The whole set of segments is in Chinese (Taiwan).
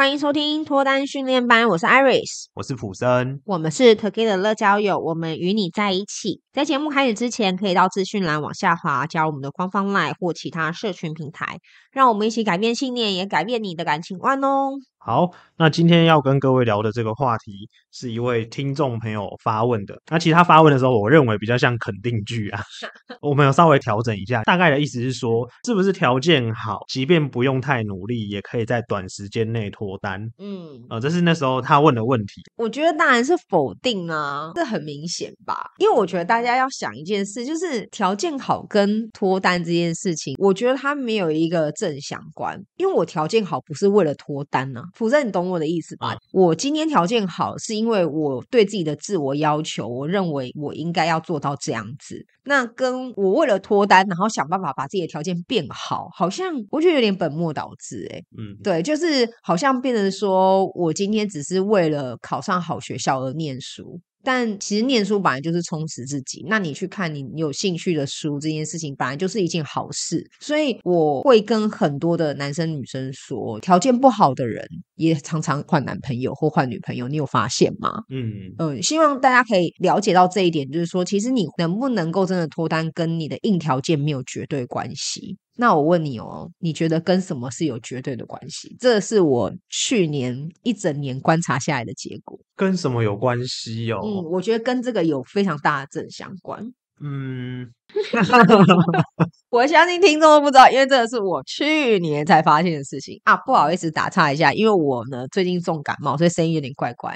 歡迎收聽脫單訓練班，我是 Iris，我是普森，我們是 Together 樂交友，我們與你在一起。在節目開始之前，可以到資訊欄往下滑，加入我們的官方 Line 或其他社群平台，讓我們一起改變信念，也改變你的感情觀哦。好，那今天要跟各位聊的這個話題，是一位聽眾朋友發問的。那其實他發問的時候，我認為比較像肯定句啊， 我們有稍微調整一下，大概的意思是說，是不是條件好，即便不用太努力，也可以在短時間內脫單？嗯，呃，這是那時候他問的問題。我覺得當然是否定啊，這很明顯吧？因為我覺得大家要想一件事，就是條件好跟脫單這件事情，我覺得它沒有一個正相關，因為我條件好不是為了脫單啊。普森，你懂我的意思吧？啊、我今天條件好，是因為我對自己的自我要求，我認為我應該要做到這樣子。那跟我為了脫單，然後想辦法把自己的條件變好，好像我覺得有點本末倒置哎、欸。嗯，對，就是好像變成說我今天只是為了考上好學校而念書。但其實念書本來就是充實自己，那你去看你有興趣的書這件事情，本來就是一件好事。所以我會跟很多的男生女生說，條件不好的人也常常換男朋友或換女朋友，你有發現嗎？嗯嗯，希望大家可以了解到這一點，就是說，其實你能不能夠真的脫單，跟你的硬條件沒有絕對關係。那我問你哦，你覺得跟什麼是有絕對的關係？這是我去年一整年觀察下來的結果。跟什麼有關係哦？嗯，我覺得跟這個有非常大的正相關。嗯， 我相信聽眾都不知道，因為這個是我去年才發現的事情啊。不好意思，打岔一下，因為我呢最近重感冒，所以聲音有點怪怪。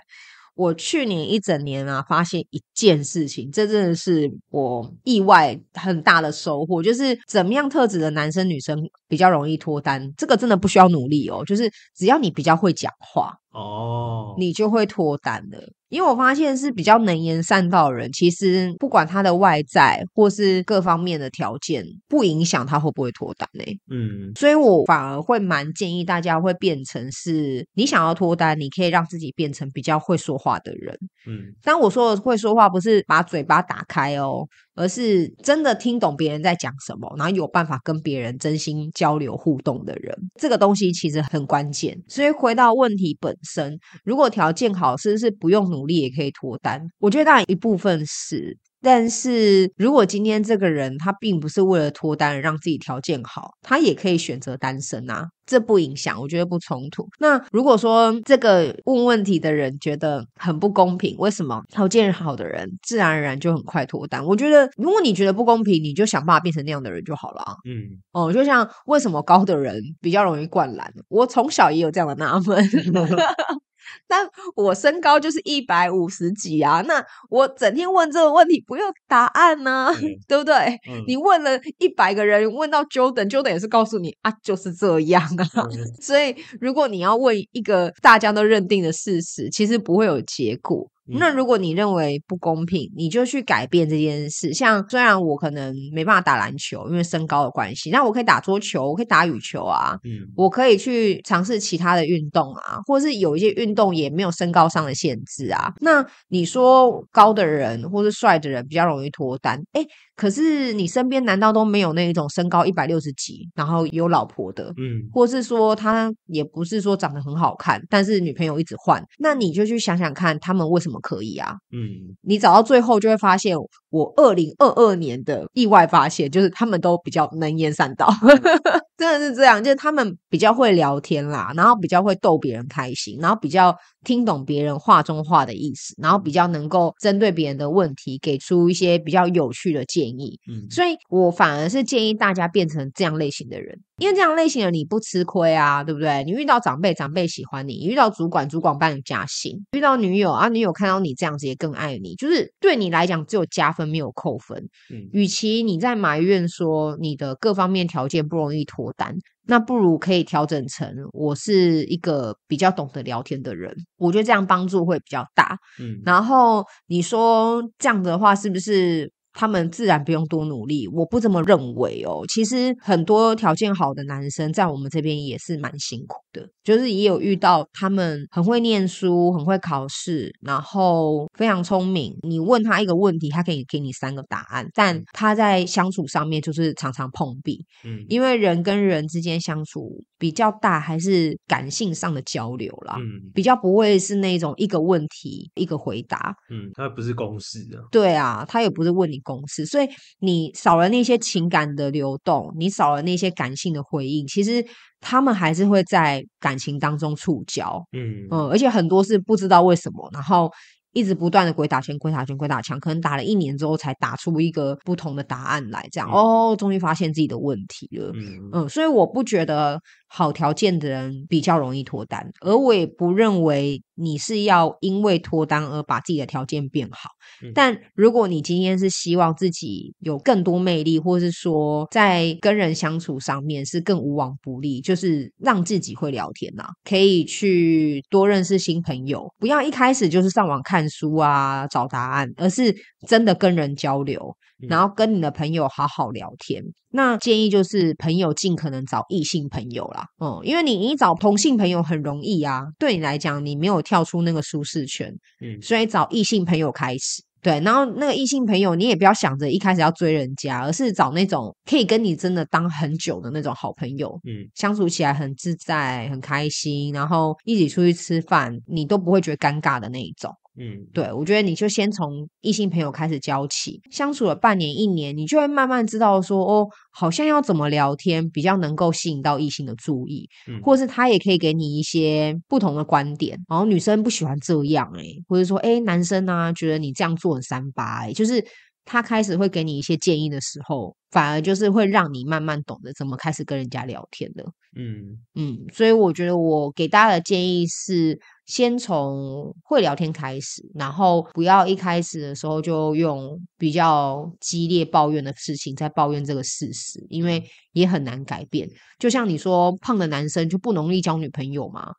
我去年一整年啊，發現一件事情，這真的是我意外很大的收穫，就是怎麼樣特質的男生女生比較容易脫單，這個真的不需要努力哦，就是只要你比較會講話。哦，oh. 你就會脫單了，因為我發現是比較能言善道的人，其實不管他的外在或是各方面的條件，不影響他會不會脫單嘞，欸。嗯，所以我反而會蠻建議大家會變成是你想要脫單，你可以讓自己變成比較會說話的人。嗯，但我說的會說話不是把嘴巴打開哦。而是真的聽懂別人在講什麼，然後有辦法跟別人真心交流互動的人，這個東西其實很關鍵。所以回到問題本身，如果條件好，是不是不用努力也可以脫單？我覺得當然一部分是，但是如果今天這個人他並不是為了脫單讓自己條件好，他也可以選擇單身啊。這不影響，我覺得不衝突。那如果說這個問問題的人覺得很不公平，為什麼條件好，好的人自然而然就很快脫單？我覺得，如果你覺得不公平，你就想辦法變成那樣的人就好了啊。嗯，哦，就像為什麼高的人比較容易灌籃？我從小也有這樣的納悶。 但我身高就是一百五十幾啊，那我整天問這個問題，不用答案呢、啊，嗯、 對不對？嗯、你問了一百個人，問到 Jordan，Jordan Jordan 也是告訴你啊，就是這樣。 所以，如果你要問一個大家都認定的事實，其實不會有結果。嗯、那如果你認為不公平，你就去改變這件事。像雖然我可能沒辦法打籃球，因為身高的關係，那我可以打桌球，我可以打羽球啊，嗯、我可以去嘗試其他的運動啊，或是有一些運動也沒有身高上的限制啊。那你說高的人或是帥的人比較容易脫單，欸可是你身邊難道都沒有那種身高一百六十幾，然後有老婆的？嗯，或是說他也不是說長得很好看，但是女朋友一直換，那你就去想想看，他們為什麼可以啊？嗯，你找到最後就會發現，我二零二二年的意外發現就是，他們都比較能言善道。嗯 真的是這樣，就是他們比較會聊天啦，然後比較會逗別人開心，然後比較聽懂別人話中話的意思，然後比較能夠針對別人的問題給出一些比較有趣的建議。嗯，所以我反而是建議大家變成這樣類型的人，因為這樣類型的你不吃虧啊，對不對？你遇到長輩，長輩喜歡你；你遇到主管，主管幫你加薪；遇到女友啊，女友看到你這樣子也更愛你。就是對你來講，只有加分沒有扣分。嗯，與其你在埋怨說你的各方面條件不容易脫。那不如可以調整成我是一個比較懂得聊天的人，我覺得這樣幫助會比較大。嗯，然後你說這樣的話是不是？他們自然不用多努力，我不這麼認為哦。其實很多條件好的男生在我們這邊也是蠻辛苦的，就是也有遇到他們很會唸書、很會考試，然後非常聰明。你問他一個問題，他可以給你三個答案，但他在相處上面就是常常碰壁。嗯，因為人跟人之間相處。比較大還是感性上的交流啦，嗯，比較不會是那種一個問題一個回答，嗯，它不是公式啊，對啊，它也不是問你公式，所以你少了那些情感的流動，你少了那些感性的回應，其實他們還是會在感情當中觸礁。嗯嗯，而且很多是不知道為什麼，然後。一直不斷的鬼打牆、鬼打牆、鬼打牆，可能打了一年之後才打出一個不同的答案來，這樣、嗯、哦，終於發現自己的問題了。嗯嗯，嗯，所以我不覺得好條件的人比較容易脫單，而我也不認為你是要因為脫單而把自己的條件變好。嗯、但如果你今天是希望自己有更多魅力，或是說在跟人相處上面是更無往不利，就是讓自己會聊天吶、啊，可以去多認識新朋友，不要一開始就是上網看。書啊，找答案，而是真的跟人交流，然後跟你的朋友好好聊天。嗯、那建議就是，朋友盡可能找異性朋友啦，嗯，因為你你找同性朋友很容易啊，對你來講，你沒有跳出那個舒適圈，嗯，所以找異性朋友開始，對，然後那個異性朋友，你也不要想着一開始要追人家，而是找那種可以跟你真的當很久的那種好朋友，嗯，相處起來很自在，很開心，然後一起出去吃飯，你都不會覺得尷尬的那一種。嗯，對，我覺得你就先從異性朋友開始交起，相處了半年一年，你就會慢慢知道說，哦，好像要怎麼聊天比較能夠吸引到異性的注意，嗯，或者是他也可以給你一些不同的觀點，然後女生不喜歡這樣誒、欸、或者說誒男生呢、啊、覺得你這樣做很三八、欸，誒就是。他開始會給你一些建議的時候，反而就是會讓你慢慢懂得怎麼開始跟人家聊天的。嗯嗯，所以我覺得我給大家的建議是，先從會聊天開始，然後不要一開始的時候就用比較激烈抱怨的事情在抱怨這個事實，因為也很難改變。就像你說，胖的男生就不容易交女朋友嘛。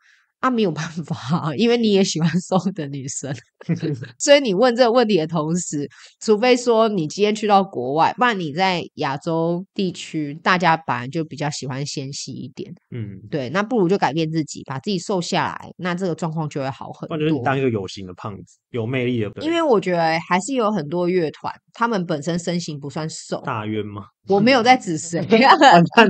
他、啊、沒有辦法，因為你也喜歡瘦的女生， 所以你問這個問題的同時，除非說你今天去到國外，不然你在亞洲地區，大家反而就比較喜歡纖細一點。嗯，對，那不如就改變自己，把自己瘦下來，那這個狀況就會好很多。或者是你當一個有型的胖子，有魅力的。因為我覺得還是有很多樂團，他們本身身形不算瘦。大淵嗎？我沒有在指誰、啊。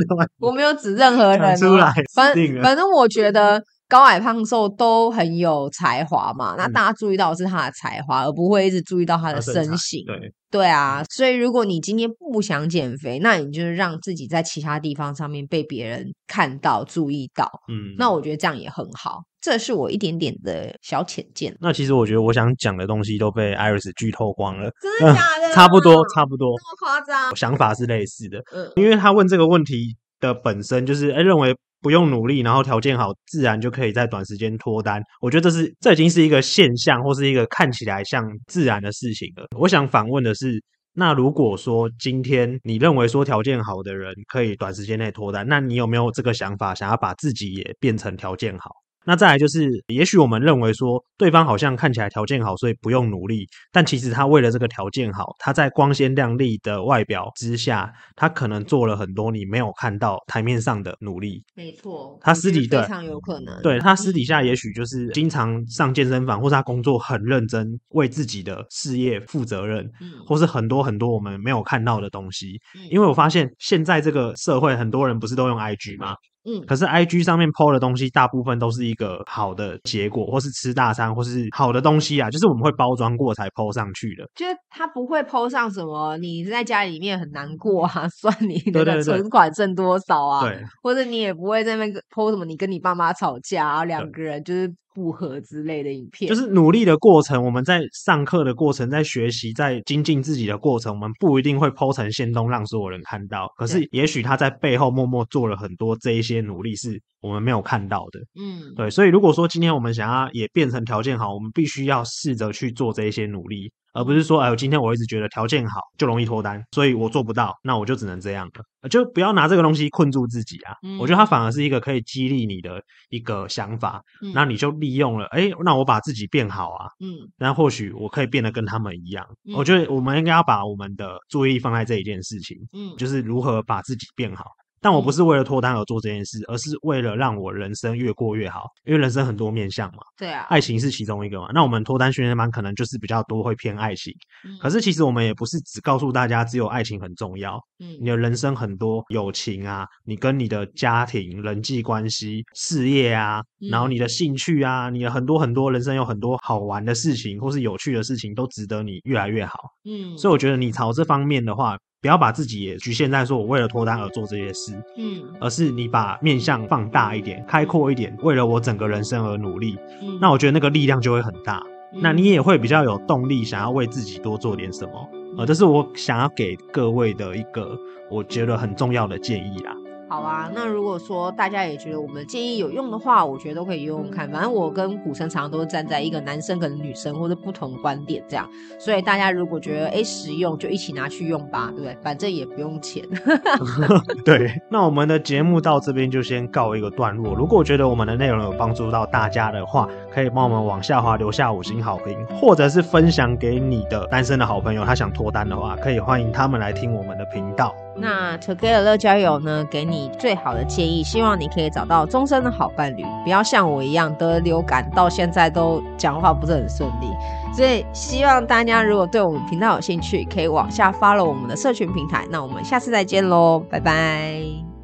我沒有指任何人、啊。出來。反正反正我覺得。高矮胖瘦都很有才華嘛？那大家注意到的是他的才華，嗯、而不會一直注意到他的身形。身對對啊，嗯、所以如果你今天不想減肥，那你就是讓自己在其他地方上面被別人看到、注意到。嗯，那我覺得這樣也很好，這是我一點點的小淺見。那其實我覺得我想講的東西都被 Iris 劇透光了，真的假的、啊？ 差不多，差不多。這麼誇張，我想法是類似的。嗯，因為他問這個問題。的本身就是哎，認為不用努力，然後條件好，自然就可以在短時間脫單。我覺得這是這已經是一個現象，或是一個看起來像自然的事情了。我想反問的是，那如果說今天你認為說條件好的人可以短時間內脫單，那你有沒有這個想法，想要把自己也變成條件好？那再來就是，也許我們認為說對方好像看起來條件好，所以不用努力，但其實他為了這個條件好，他在光鮮亮麗的外表之下，他可能做了很多你沒有看到台面上的努力。沒錯，他私底下非常有可能，對，他私底下也許就是經常上健身房，或是他工作很認真，為自己的事業負責任，或是很多很多我們沒有看到的東西。因為我發現現在這個社會很多人不是都用 IG 嗎？嗯，可是 I G 上面 PO 的東西大部分都是一個好的結果，或是吃大餐，或是好的東西啊，就是我們會包裝過才 PO 上去的。就他不會 PO 上什麼，你在家裡面很難過啊，算你的存款剩多少啊，對對對對，或者你也不會在那邊 PO 什麼，你跟你爸媽吵架啊，兩個人就是。不合之類的影片，就是努力的過程。我們在上課的過程，在學習，在精進自己的過程，我們不一定會 po 成限動讓所有人看到。可是，也許他在背後默默做了很多這一些努力，是我們沒有看到的。嗯對，對。所以，如果說今天我們想要也變成條件好，我們必須要試着去做這一些努力。而不是說，哎喲，今天我一直覺得條件好就容易脫單，所以我做不到，那我就只能這樣了，就不要拿這個東西困住自己啊。嗯、我覺得它反而是一個可以激勵你的一個想法，那、嗯、你就利用了，誒，那我把自己變好啊，嗯，那或許我可以變得跟他們一樣。嗯、我覺得我們應該要把我們的注意力放在這一件事情，嗯，就是如何把自己變好。但我不是為了脫單而做這件事，而是為了讓我人生越過越好。因為人生很多面向嘛，對啊，愛情是其中一個嘛。那我們脫單訓練班可能就是比較多會偏愛情，嗯、可是其實我們也不是只告訴大家只有愛情很重要。嗯，你的人生很多友情啊，你跟你的家庭、人際關係、事業啊，然後你的興趣啊，嗯、你的很多很多人生有很多好玩的事情或是有趣的事情都值得你越來越好。嗯，所以我覺得你朝這方面的話。不要把自己也局限在說，我為了脫單而做這些事。嗯，而是你把面向放大一點，嗯、開闊一點，為了我整個人生而努力。嗯，那我覺得那個力量就會很大。嗯、那你也會比較有動力，想要為自己多做點什麼。呃，這、就是我想要給各位的一個，我覺得很重要的建議啦。好啊，那如果說大家也覺得我們建議有用的話，我覺得都可以用用看。反正我跟普森常常都是站在一個男生跟女生或者不同觀點這樣，所以大家如果覺得誒、欸、實用，就一起拿去用吧，對不對？反正也不用錢。 對，那我們的節目到這邊就先告一個段落。如果覺得我們的內容有幫助到大家的話，可以幫我們往下滑留下五星好評，或者是分享給你的單身的好朋友，他想脫單的話，可以歡迎他們來聽我們的頻道。那 Together 樂交友呢，給你最好的建議，希望你可以找到終身的好伴侶，不要像我一樣得流感，到現在都講話不是很順利。所以希望大家如果對我們頻道有興趣，可以往下 follow 我們的社群平台。那我們下次再見嘍，拜拜。